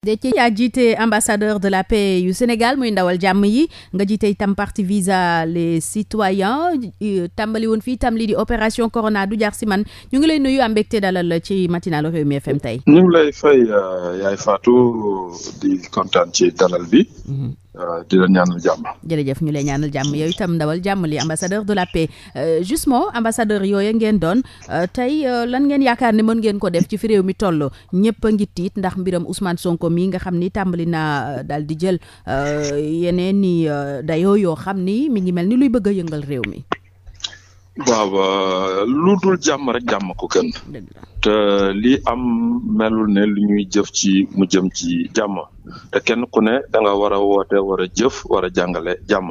Déthié yaa jiite ambassadeur de la paix yu Sénégal muy ndawal jàmm yi nga jiite itam parti visa les citoyens tàmbali woon fii itam lii di opération Corona du jaar si man ñu ngi lay nuyu am mbégte dalal ci matinal Rewmi FM tey. ñu ngi lay fay euh, yaay Fatou di kontaan ci dalal bi. Mm-hmm. Euh, di leen ñaanal jàmm. jërëjëf ñu lay ñaanal jàmm yow itam ndawal jàmm li ambassadeur de la paix euh, justement ambassadeur yooyu ngeen doon euh, tey lan ngeen yaakaar ne mën ngeen ko def ci fi réew mi toll ñëpp a ngi tiit ndax mbiram Ousmane Sonko mii nga xam ni tàmbali naa daal di jël yeneen ni dayoo yoo xam ni mi ngi mel ni luy bëgg a yëngal réew mi. waaw lu dul jàmm rek jàmm ko ken te lii am melul ne li ñuy jëf ci mu jëm ci jàmm te kenn ku ne da nga war a woote war a jëf war a jàngale jàmm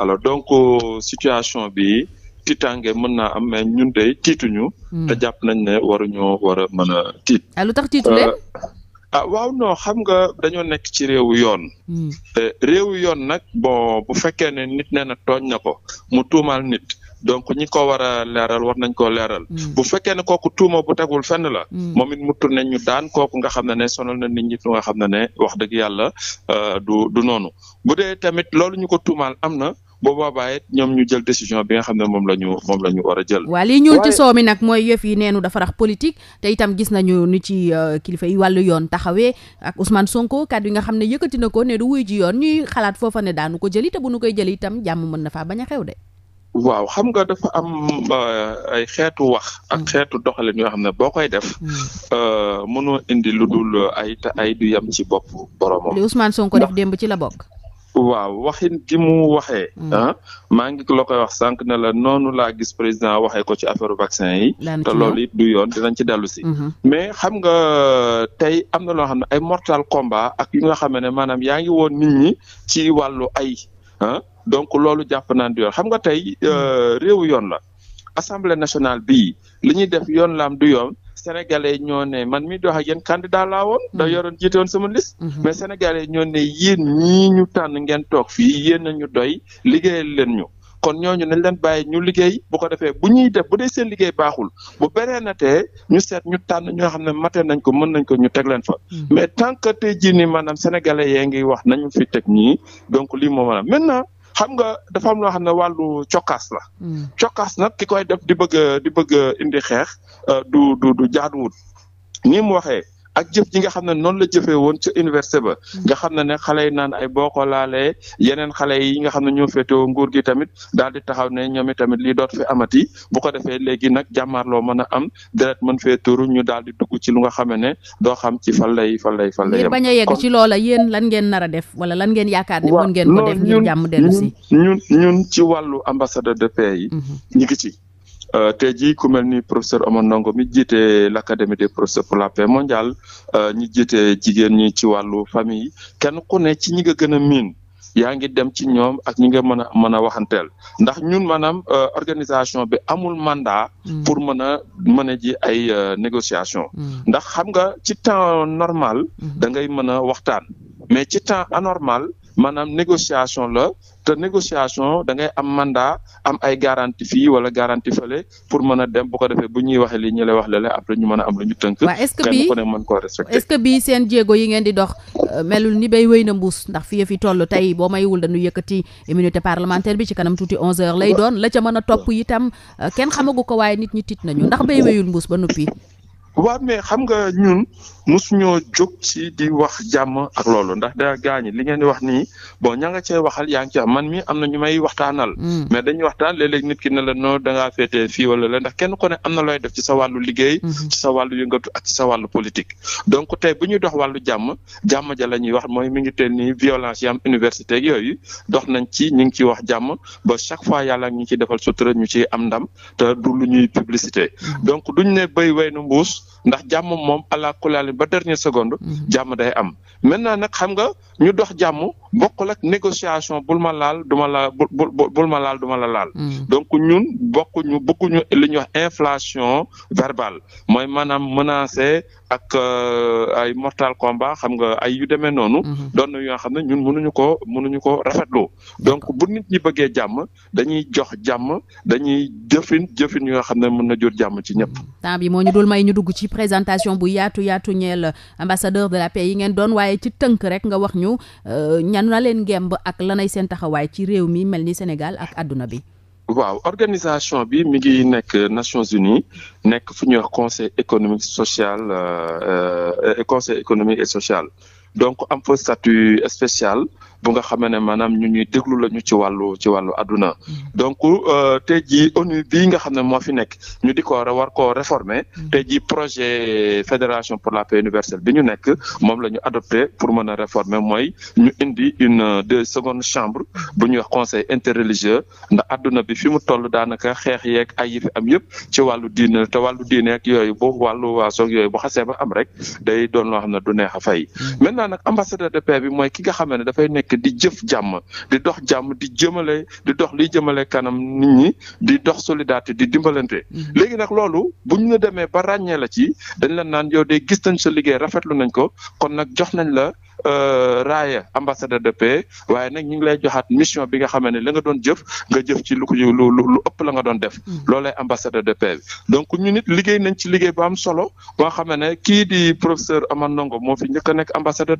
alors donc euh, situation bi tiitaange mën naa am mais ñun de tiituñu. Hmm. te jàpp nañ ne waruñoo war a mën a tiit. ah lu tax tiitu leen. Euh, ah waaw non xam nga dañoo nekk ci réew yoon. Hmm. réewu yoon nag bon bu fekkee ne nit nee na tooñ na ko mu tuumaal nit. donc ñi ko war a leeral war nañ koo leeral. Mm. bu fekkee ne kooku tuuma bu tegul fenn la. Mm. moom it mu tourné ñu daan kooku nga xam ne ne sonal na nit ñi lu nga xam ne ne wax dëgg yàlla euh, du du noonu bu dee tamit loolu ñu ko tuumaal am na. boo boobaa it ñoom ñu jël décision bi nga xam ne moom la ñu moom la ñu war a jël. waaw lii ñuul ci soow mi nag mooy yëf yi neenu dafa rax politique te itam gis nañu ni ci euh, kilifa yi wàllu yoon taxawee ak Ousmane Sonko kàddu yi nga xam ne yëkkati na ko ne du wuy ji yoon ñuy xalaat foofa ne daanu ko jëli te bu nu koy jëli jàmm mën na faa bañ a xew de. waaw xam nga dafa am euh, ay xeetu wax ak mm. xeetu doxalin yoo xam ne boo koy def mm. euh, mënoo indi lu dul ay te ay du yem ci bopp boromam. li Ousmane Sonko def démb ci la bokk. waaw waxin gi mu waxee. Mm. ah maa ngi la koy wax sànq ne la noonu laa gis président waxee ko ci affaire vaccin yi. te loolu it du yoon dinañ ci dellu si. Mm-hmm. mais xam nga tey am na loo xam ne ay mortal komba ak yu nga xam ne maanaam yaa ngi woon nit ñi ci wàllu ay ah. donc loolu jàpp naan du yoon xam nga tey euh, hmm. réewu yoon la assemblée nationale bii li ñuy def yoon laam du yoon sénégalais ñoo ne man mi dox ak yéen candidat laa woon hmm. da yoron jiite woon sama liste hmm. mais sénégalais ñoo ne yéen ñii ñu tànn ngeen toog fii yéen a ñu doy liggéeyal leen ñu kon ñooñu nañ leen bàyyi ñu liggéey bu ko defee bu ñuy def bu dee seen liggéey baaxul bu beree na tee ñu seet ñu tànn ñoo xam ne mate nañ ko mën nañ ko ñu teg leen fa. mais tant que jiini jii nii maanaam sénégalais yee ngi wax nañu fi teg ñii donc lii moo maanaam maintenant. xam nga dafa am loo xam ne wàllu cokkaas la. Hmm. cokkaas nag ki koy def di bëgg di bëgg indi xeex euh, du du du jaaduwul ni mu waxee. ak jëf ji nga xam ne noonu la jëfee woon ca université ba nga xam ne ne xale yi naan ay boko ko laalee yeneen xale yi nga xam ne ñoo féetewoo nguur gi tamit daal di taxaw ne ñoom tamit li doot fi amati bu ko defee léegi nag jàmmaarloo mën a am deret mën fee tuuru ñu daal dugg ci lu nga xam ne doo xam ci fan lay fan lay fan lay yem bañ a yegg ci loola yéen lan ngeen nar def wala lan ngeen yaakaar ne mën ngeen ko def ngir jàmm dellu si ñun ñun ci wàllu ambassadeur de paix yi mhm. ñu ngi ci Euh, tey jii ku mel ni professeur Omar Ndongo mi jiite l'académie des professeurs pour la paix mondiale euh, ñi jiite jigéen ñi ci wàllu famille kenn ku ne ci ñi nga gën a miin yaa ngi dem ci ñoom ak ñi nga mën a mën a waxanteel ndax ñun maanaam euh, organisation bi amul mandat. Mm. pour mën a mën a ji ay négociation mm. ndax xam nga ci temps normal. Mm-hmm. da ngay mën a waxtaan mais ci temps anormal. maanaam négociation la te négociation da ngay am mandat am ay garantie fii wala garantie fële pour mën a dem bu ko defee bu ñuy waxee li ñu lay wax le après ñu mën a am lu ñu tënk. waaw est-ce que bii mën koo respecté. est-ce que seen jéego yi ngeen di dox euh, melul ni bay wéy na mbuus ndax fi fi toll tey boo maywul dañu yëkkati immunité parlementaire bi ci kanam tuuti 11h lay doon la ca mën a topp itam euh, kenn xamagu ko waaye nit ñi tiit nañu ndax bay wéyul mbuus ba noppi. waaw mais xam nga ñun mosuñoo jóg ci di wax jàmm ak loolu ndax da gaañi li ngeen di wax nii bon ña nga cee waxal yaa ngi ci man mi am na ñu may waxtaanal. Mm. mais dañuy waxtaan léeg-léeg nit ki ne la noo da ngaa féetee fii wala la ndax kenn ku ne am na looy def ci sa wàllu liggéey. Mm-hmm. ci sa wàllu yëngatu ak sa wàllu politique. donc tey bu ñuy dox wàllu jàmm jàmm ja la ñuy wax mooy mi ngi teel ni violence yi université yooyu dox nañ ci ñu ngi ciy wax jàmm ba chaque fois yàlla ñu ciy defal sutura ñu ciy am ndam te du lu ñuy publicité mm-hmm. donc duñ ne béy wey na mbuus ndax jàmm moom allah kulli ba dernière seconde. Mhm. jàmm day am maintenant nag xam nga ñu dox jàmm bokkul ak négociation bul ma laal du ma la bu bul ma laal du la laal. Mhm. donc ñun bokkuñu bëgguñu li ñuy wax inflation verbale mooy maanaam menacer ak euh, ay mortal combat xam nga ay yu demee noonu. Mhm. doon na yoo xam ne ñun mënuñu ko mënuñu ko rafetlu. donc bu nit ñi bëggee jàmm dañuy jox jàmm dañuy jëfin jëfin yoo xam ne mën na jur jàmm ci ñëpp. Mhm. temps bi moo ñu dul may ñu dugg ci présentation bu yaatu yaatu ñee ñeel ambassadeur de la paix yi ngeen doon waaye ci tënk rek nga wax ñu euh, ñan na leen ngemb ak lanay seen taxawaay ci réew mi mel ni Sénégal ak àdduna bi. waaw organisation bi mi ngi nekk Nations Unies nekk fu ñuy wax conseil économique social euh, euh, conseil et social donc am fa statut spécial bu nga xamee ne maanaam ñu ñuy déglu lañu ci wàllu ci wàllu àdduna mm. donc euh, te jii ONU bii nga xam ne moo fi nekk ñu di ko war koo réformer mm. te jii projet fédération pour la paix universelle bi ñu nekk moom la ñu adopté pour mën a réformer mooy ñu indi une deux secondes chambre bu ñuy wax conseil interreligieux ndax àdduna bi fi mu toll daanaka xeex yeeg ay yi fi am yëpp ci wàllu diine te wàllu diine ak yooyu boo wàllu waasoog yooyu bo xasee ba am rek day doon loo xam ne du neex a fay mm. di jëf jàmm di dox jàmm di jëmale di dox li jëmale kanam nit ñi di dox solidarité di dimbalante. Mm-hmm. léegi nag loolu bu ñu la demee ba ràññee la ci dañ la naan yow de gis nañ sa liggéey rafetlu nañ ko kon nag jox nañ la. Euh, raaya ambassadeur de paix waaye nag ñu lay joxaat mission bi nga xam ne la nga doon jëf nga jëf ci lu ëpp la nga doon def hmm. loolay ambassadeur de paix bi donc ñu nit liggéey nañ ci liggéey bu am solo boo xam ne kii di professeur Amath Ndongo moo fi njëkk a nekk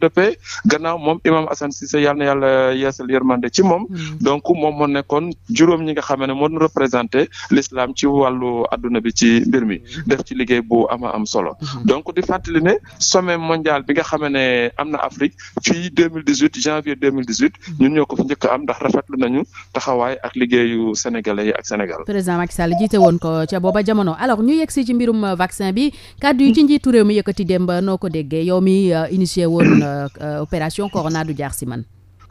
de paix gannaaw moom imam Assane Cissé yàlla na yàlla yeesal yërmande ci moom hmm. donc moom moo nekkoon juróom ñi nga xam ne moo doon représenté l'islam ci wàllu adduna bi ci mbir mi def ci liggéey bu am am solo hmm. donc di fàttali ne sommet mondial bi nga xam ne am na Afrique fii 2018 janvier 2018 ñun ñoo ko fi am ndax rafetlu nañu taxawaay ak liggéeyu sénégalais yi ak Sénégal. président Macky Sall jiite woon ko ca booba jamono alors ñu yegg si ci mbirum euh, vaccin bi kàddu yi ci njiitu réew mi yëkkati démb noo ko déggee yow mi euh, initié woon euh, opération Corona du jaar si man.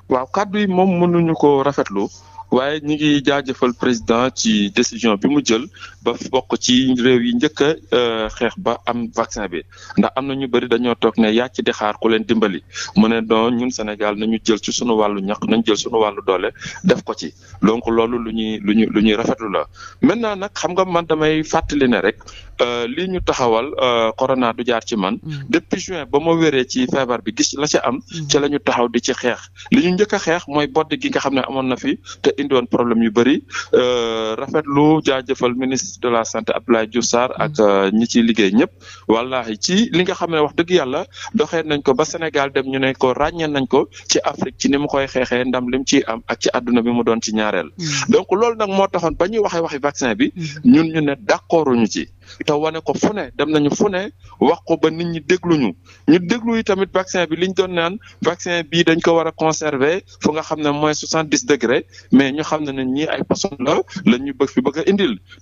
waaw kàddu yi moom ñu ko rafet rafetlu. waaye ñu ngi jaajëfal président ci décision bi mu jël ba bokk ci réew yi njëkk a euh, xeex ba am vaccin bi ndax am na ñu bëri dañoo toog ne yaa ci di xaar ku leen dimbali mu ne don ñun Sénégal nañu jël ci sunu wàllu ñaq nañ jël sunu wàllu doole def ko ci donc loolu lu ñuy lu ñuy lu ñuy rafetlu la maintenant nag xam nga man damay fàttali ne rek Euh, lii ñu taxawal euh, corona du jaar ci man mm. depuis juin ba moo wéree ci feebar bi gis la ci am mm. ci la ñu taxaw di ci xeex li ñu njëkk a xeex mooy bodd gi nga xam ne amoon na fi te indiwoon problème yu bëri euh, rafetlu jaajëfal ministre de la santé Abdoulaye Diouf Sarr mm. ak ñi ciy liggéey ñëpp wallahi ci li nga xam ne wax dëgg yàlla doxee nañ ko ba Sénégal dem ñu ne ko ràññee nañ ko ci Afrique ci ni mu koy xeexee ndam lim ci am ak ci àdduna bi mu doon ci ñaareel donc loolu nag moo bi ñu ne ci te wane ko fu dem nañu fu wax ko ba nit ñi dégluñu ñu déglu yi tamit vaccin bi liñ doon naan vaccin bii dañ ko war a conserver fu nga xam ne moins soixante dix degré mais ñu xam ne ne ñii ay poson la la ñu bëgg fi bëgg a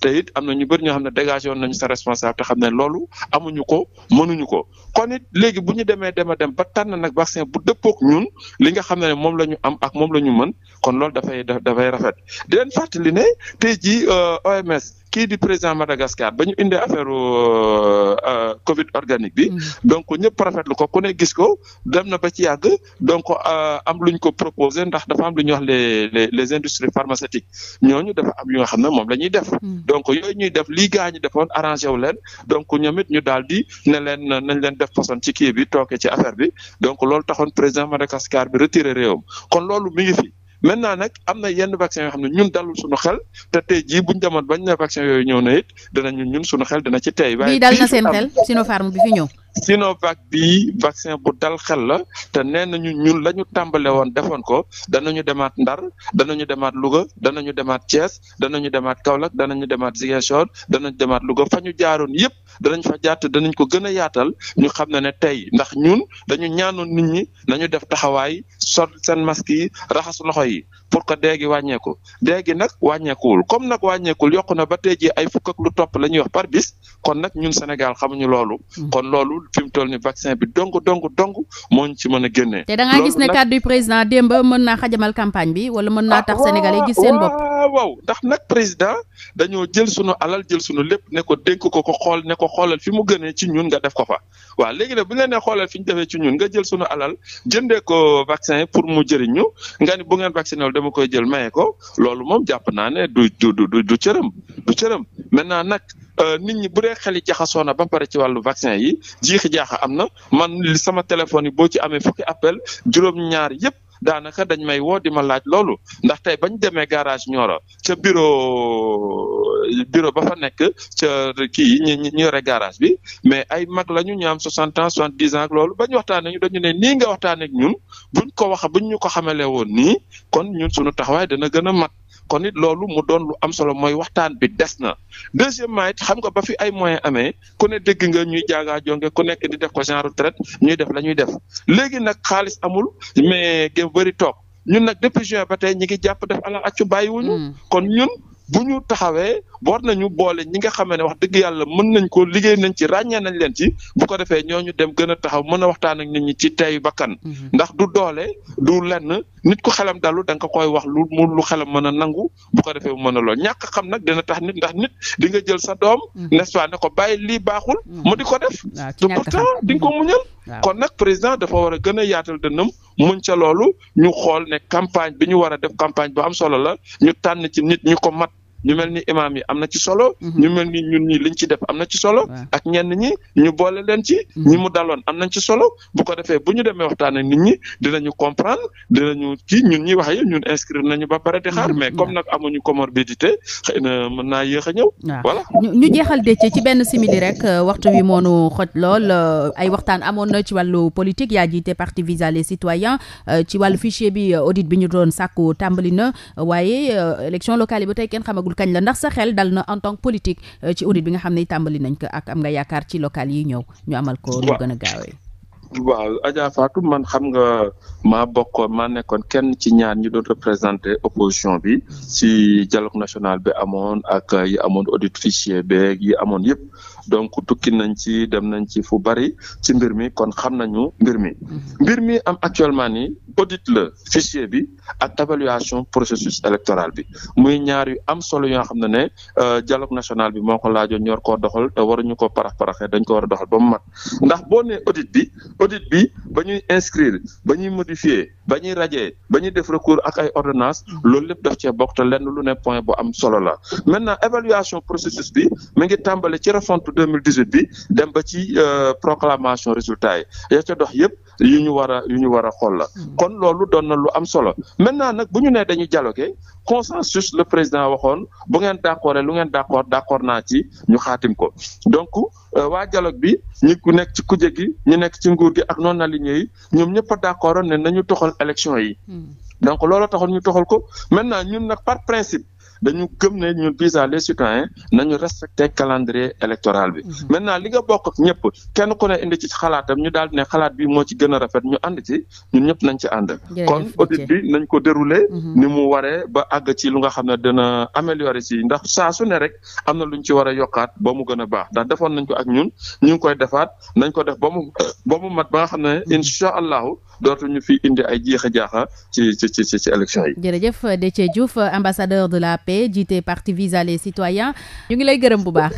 te it am na ñu bëri ñoo xam ne dégagé woon nañu sa responsable te xam ne loolu amuñu ko mënuñu ko kon it léegi bu ñu demee dema dem ba tànn nag vaccin bu dëppook ñun li nga xam ne moom la ñu am ak moom la ñu mën kon loolu dafay dafay rafet di leen fàttali ne tey jii euh, OMS kii di président Madagascar ba ñu indee affaire euh, euh, Covid organique bi. Mm. donc ñëpp rafetlu ko ku ne gis ko dem na ba ci yàgg donc euh, am lu ko proposé ndax dafa am lu wax les les les industries pharmaceutiques ñooñu dafa am yu nga xam ne moom la def. Mm. donc yooyu ñuy def lii gaa ñi defoon arrangé wu leen donc ñoom it ñu daal di ne leen nañ leen def façon ci kii bi tooke ci affaire bi donc loolu taxoon président Madagascar bi retiré réewam kon loolu mi fi. maintenant nag am na yenn vaccin yoo xam ne ñun dalul suñu xel te tey jii bañ na vaccin yo ñëw na it danañu ñun suñu xel dana ci tey. waaye bii dal na seen xel Sinopharm bi fi ñëw. Sinovac bii vaccin bu dal xel la te nee nañu ñun la ñu tàmbale woon defoon ko danañu demaat Ndar danañu demaat Louga danañu demaat Thiès danañu demaat Kaolack ñu demaat Ziguinchor danañu demaat Louga fa ñu jaaroon yëpp danañ fa jaat danañ ko gën a yaatal ñu xam ne ne tey ndax ñun dañu ñaanoon nit ñi nañu def taxawaay sol seen masque yi raxas loxo yi pour que déggi wàññeeku dee gi nag wàññeekuwul comme nag wàññeekul yokk na ba tey jii ay fukk lu topp la ñuy wax par bis kon nag ñun Sénégal xamuñu loolu hmm. amul fi mu toll ni vaccin bi dong dong dong moo ci mën a génnee. te da gis ne kàddu président démb mën naa xajamal campagne bi wala mën naa tax ah, Sénégal yi gis seen bopp. waaw ndax nag président dañoo jël sunu alal jël sunu lépp ne ko dénk ko ko xool ne ko xoolal fi mu gënee ci ñun nga def ko fa. waa léegi nag bu ngeen la nee xoolal fi ñu defee ci ñun nga jël sunu alal jëndee ko vaccin pour mu jëriñ ñu nga ni bu ngeen vacciné wul dama koy jël maye ko loolu moom jàpp naa ne du du du du du cëram Euh, nit ñi bu dee xel yi jaxasoo na ba pare ci wàllu vaccin yi jiixi jaaxa am na man sama téléphone yi boo ci amee fukki appel juróom-ñaar yépp daanaka dañ may woo di ma laaj loolu ndax tey bañ demee garage Nioro ca bureau bureau ba fa nekk ca kii ñi ñi yore garage bi mais ay mag lañu ñu am soixante ans soixante dix ans ak loolu bañ waxtaanee ñu dañu ne nii nga waxtaanee ak ñun buñ ko wax buñ ñu ko xamalee woon nii kon ñun suñu taxawaay dana gën a mat. kon it loolu mu doon lu am solo mooy waxtaan bi des na deuxièmement it xam nga ba fi ay moyens amee ku ne dégg nga ñuy jaagaa jonge ku nekk di def ko genre retraite ñuy def la ñuy def léegi nag xaalis amul mais gëm bëri toog ñun nag depuis juin ba tey ñi ngi jàpp def ala accu bàyyiwuñu hmm. kon ñun bu ñu taxawee war nañu boole ñi nga xam ne wax dëgg yàlla mën nañ ko liggéey nañ ci ràññee nañ leen ci bu ko defee ñoo ñu dem gën a taxaw mën a waxtaan ak nit ñi ci tey bakkan mhm. ndax du doole du lenn nit ku xelam dalu da nga koy wax lu mu lu xelam mën a nangu bu ko defee mu mën a ñàkk xam nag dina tax nit ndax nit di nga jël sa doom mhm. n'est-ce ne ko bàyyi lii baaxul mhm. mu di ko def te pourtant di nga ko muñal kon nag président dafa war a gën a yaatal dënnam muñ ca loolu ñu xool ne campagne bi ñu war a def campagne bu am solo la ci nit ñu ko mat ñu mel ni imaam yi am na ci solo. Mhm. ñu mel ni ñun ñi liñ ci def am na ci solo. ak ñenn ñi ñu boole leen ci. Mhm. ñi mu daloon am nañ ci solo bu ko defee bu ñu demee waxtaan ak nit ñi dinañu comprendre dinañu ci ñun ñi wax yi ñun nañu ba pare di xaar mhm. mais comme nag amuñu comorbidité xëy na mën naa yéex a ñëw. voilà ñu jeexal dëcc ci benn simili rek euh, waxtu wi moo nu xoj lool euh, ay waxtaan amoon na ci wàllu politique yaa jiite parti Visa les citoyens euh, ci wàllu fichier bi audit bi ñu doon sàkku tàmbali na waaye élection locale yi ba tey kenn xamagul kañ la ndax sa xel dal na en tant que politique euh, ci audit bi nga xam ne tàmbali nañ ko ak am nga yaakaar ci local yi ñëw ñu amal ko waa gën a gaawee waaw Adja Fatou man xam nga ma bokkoon maa nekkoon kenn ci ñaar ñu doon représenté opposition bi si dialogue national bi amoon ak yi amoon audit fichier yi amoon yëpp donc tukki nañ ci dem nañ ci fu bari ci mbir mi kon xam nañu mbir mi mhm. mbir mi am actuellement ni audit la fichier bi ak évaluation processus électoral bi muy ñaar yu am solo yoo xam ne ne euh, dialogue national bi moo ko laajoon ñor koo doxal te waruñu ko parax paraxee dañ ko war a doxal ba mu mat ndax boo nee audit bi audit bi ba ñuy inscrire ba ñuy modifier ba ñuy rajee ba ñuy def recours ak ay ordonnance loolu lépp daf cee bokk te lenn lu ne point bu am solo la maintenant évaluation processus bi mi ngi tàmbale ci refonte 2018 bi dem ba ci euh, proclamation résultat yi ya ca dox yëpp yu ñu war a yu ñu war a xool la hmm. kon loolu doon na lu am solo maintenant nag bu ñu nee dañuy dialoguer consensus le président waxoon bu ngeen d'accord lu ngeen d'accord d'accord naa ci ñu xaatim ko donc Euh, waa dialogue bi ñi ku nekk ci kuje gi ñu nekk ci nguur gi ak non aligné yi ñoom ñëpp a d'accord ne na nañu toxal élection yi hmm. donc loolu taxoon ñu toxal ko maintenant ñun nag par principe dañu gëm ne ñun visa les citoyens nañu respecté calendrier électoral bi. Mhm. maintenant li nga bokk ak ñëpp kenn ku ne indi ci xalaatam ñu daal di ne xalaat bi moo ci gën rafet ñu ànd ci ñun ñëpp nañ ci ànd. kon audit bi nañ ko déroulé. Mhm. ni mu waree ba àgg ci lu nga xam ne dana améliorer si ndax saa su ne rek am na lu ñu ci war a yokkaat ba mu gën a baax ndax defoon nañ ko ak ñun ñu ngi koy defaat nañ ko def ba mu ba mu mat ba nga xam ne mhm. incha allahu ñu fi indi ay jeexa jaaxa ci ci ci ci élection Kanté jiite parti Visa les citoyens ñu ngi lay gërëm bu baax